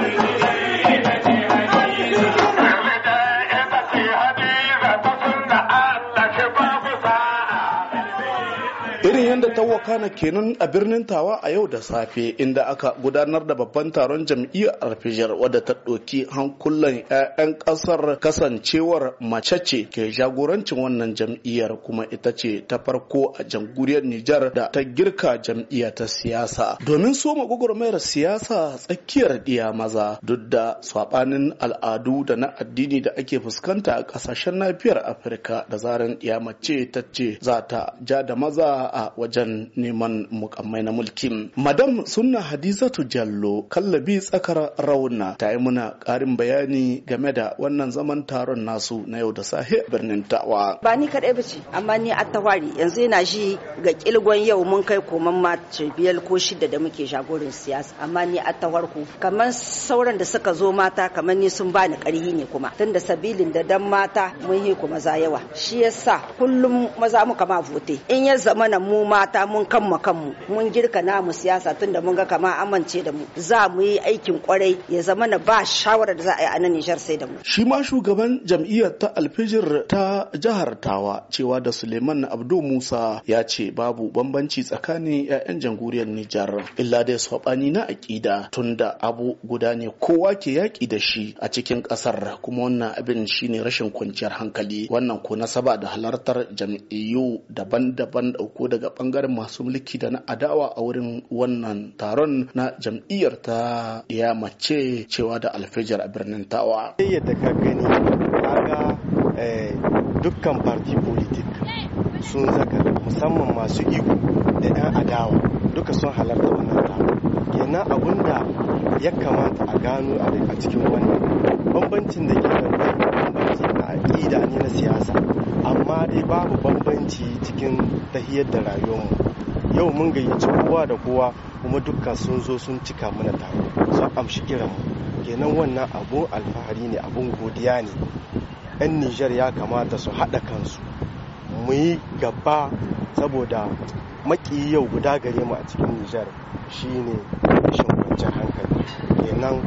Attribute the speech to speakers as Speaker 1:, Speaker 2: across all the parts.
Speaker 1: Hallelujah. irin yadda ta wakana kenan a birnin tawa a yau da safe inda aka gudanar da babban taron jam'iyyar alfijar wadda ta ɗoki hankulan 'ya'yan ƙasar kasancewar mace ce ke jagorancin wannan jam'iyyar kuma ita ce ta farko a jamhuriyar nijar da ta girka jam'iyyar ta siyasa domin soma gwagwarmayar siyasa tsakiyar ɗiya maza duk da saɓanin al'adu da na addini da ake fuskanta a ƙasashen nafiyar afirka da zaran ɗiya mace ta ce za ta ja da maza a wajen neman mukammai na mulkin, Madam Sunna Hadizatu Jallo kallabi tsakar rauna ta yi muna ƙarin bayani game da wannan zaman taron
Speaker 2: nasu na yau da sahe birnin Tawa. Ba ni kaɗai ba ce, amma ni a tawari yanzu yana shi ga kilgon yau mun kai koman ma biyar ko shida da muke jagorin siyasa amma ni a ku. kamar sauran da suka zo mata kamar ni sun bani ƙarhi ne kuma tunda sabilin da dan mata mun yi kuma maza yawa shi yasa kullum maza muka ma vote in ya zama na mu mata mun kanmu kanmu mun girka namu siyasa tunda mun ga kama amince da mu za mu yi aikin kwarai ya zama na ba shawarar da za a yi a nan Nijar sai da mu.
Speaker 1: Shi ma shugaban jam'iyyar ta alfijir ta jihar Tawa cewa da Suleiman Abdul Musa ya ce babu bambanci tsakanin 'ya'yan jamhuriyar Nijar illa dai sabani na aƙida tunda abu guda ne kowa ke yaƙi da shi a cikin ƙasar kuma wannan abin shine rashin kwanciyar hankali wannan ko nasaba da halartar jam'iyyu daban-daban ko da daga bangaren masu mulki da na adawa a wurin wannan taron na jam'iyyar ta ya mace cewa da alfijar a birnin tawa yadda ka gani
Speaker 3: kaga eh, dukkan parti politik sun zaka musamman masu iko da 'yan adawa duka sun halarta wannan taro kenan abinda ya kamata a gano a cikin wannan bambancin da ke bambanci na aƙida ne na siyasa dai babu bambanci cikin tahiyar da rayuwarmu yau mun gayyaci kowa da kowa kuma dukkan sun zo sun cika mana taro sun amshi kiranmu kenan wannan abun alfahari ne abun godiya ne 'yan nijar ya kamata su haɗa kansu mu yi gaba saboda maki yau guda gare mu a cikin nijar shine rashin kwanciyar hankali kenan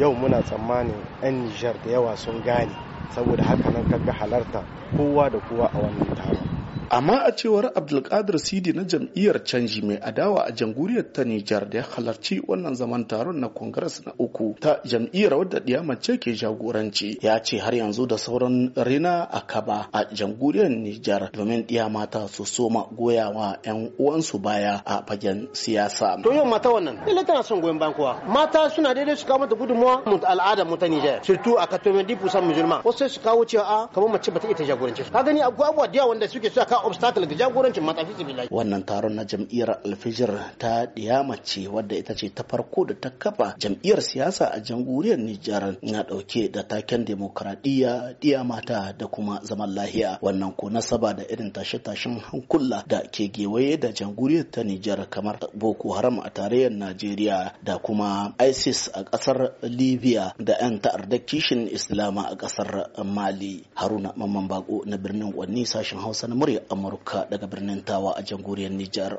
Speaker 3: yau muna tsammanin 'yan nijar da yawa sun gane saboda haka nan kaga halarta kowa da kowa a wannan taron amma a cewar abdulkadir
Speaker 1: sidi na jam'iyyar canji mai adawa a jamhuriyar ta nijar da ya halarci wannan zaman taron na kongres na uku ta jam'iyyar wadda mace ke jagoranci ya ce har yanzu da sauran rina a kaba a jamhuriyar nijar domin mata su soma goyawa 'yan uwansu baya a fagen siyasa to yau
Speaker 4: mata wannan ila tana son goyon bayan kowa mata suna daidai su kawo mata gudunmawa mu al'ada mu ta nijar
Speaker 1: surtout a 90% musulman
Speaker 4: wasu su kawo cewa a kamar mace iya ta jagoranci ka gani akwai abubuwa da yawa wanda suke suka kawo obstacle ga jagorancin matsafi
Speaker 1: wannan taron na jam'iyyar alfijir ta diyamace wadda ita ce ta farko da ta kafa jam'iyyar siyasa a jamhuriyar Nijar na ɗauke da taken demokradiyya diyamata da kuma zaman lahiya wannan ko nasaba da irin tashe-tashen hankula da ke gewaye da jamhuriyar ta Nijar kamar Boko Haram a tarayyar Najeriya da kuma ISIS a ƙasar Libya da 'yan ta'arda kishin Islama a ƙasar Mali Haruna Mamman Bako na birnin Wanni sashen Hausa na murya Amurka daga birnin Tawa a jamhuriyar Nijar.